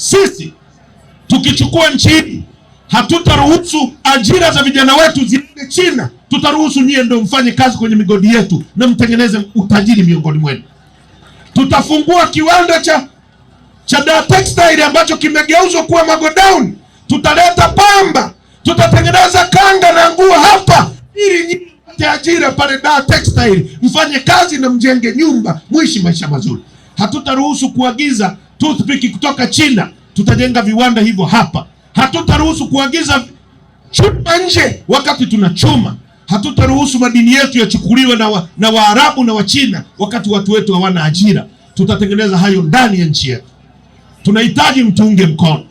Sisi tukichukua nchi hii hatutaruhusu ajira za vijana wetu ziende China. Tutaruhusu nyie ndio mfanye kazi kwenye migodi yetu na mtengeneze utajiri miongoni mwenu. Tutafungua kiwanda cha cha Dar Textile ambacho kimegeuzwa kuwa magodown. Tutaleta pamba, tutatengeneza kanga na nguo hapa, ili nyie mpate ajira pale Dar Textile, mfanye kazi na mjenge nyumba, mwishi maisha mazuri. Hatutaruhusu kuagiza toothpick kutoka China, tutajenga viwanda hivyo hapa. Hatutaruhusu kuagiza chuma nje wakati tuna chuma. Hatutaruhusu madini yetu yachukuliwe na Waarabu na Wachina wakati watu wetu hawana ajira. Tutatengeneza hayo ndani ya nchi yetu. Tunahitaji mtunge mkono,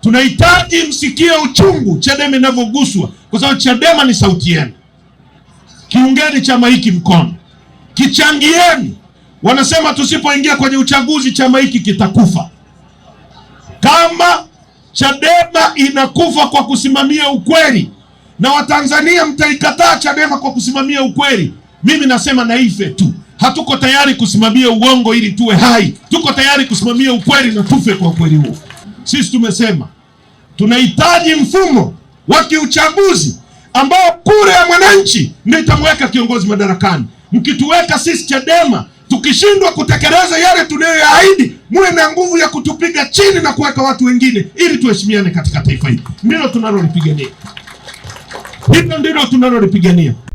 tunahitaji msikie uchungu Chadema inavyoguswa, kwa sababu Chadema ni sauti yenu. Kiungeni chama hiki mkono, kichangieni Wanasema tusipoingia kwenye uchaguzi chama hiki kitakufa. Kama Chadema inakufa kwa kusimamia ukweli na Watanzania mtaikataa Chadema kwa kusimamia ukweli, mimi nasema naife tu. Hatuko tayari kusimamia uongo ili tuwe hai, tuko tayari kusimamia ukweli na tufe kwa ukweli huo. Sisi tumesema tunahitaji mfumo wa kiuchaguzi ambao kura ya mwananchi ndio itamweka kiongozi madarakani. Mkituweka sisi Chadema Tukishindwa kutekeleza yale tuliyoyaahidi, muwe na nguvu ya kutupiga chini na kuweka watu wengine ili tuheshimiane katika taifa hili. Ndilo tunalolipigania, hilo ndilo tunalolipigania.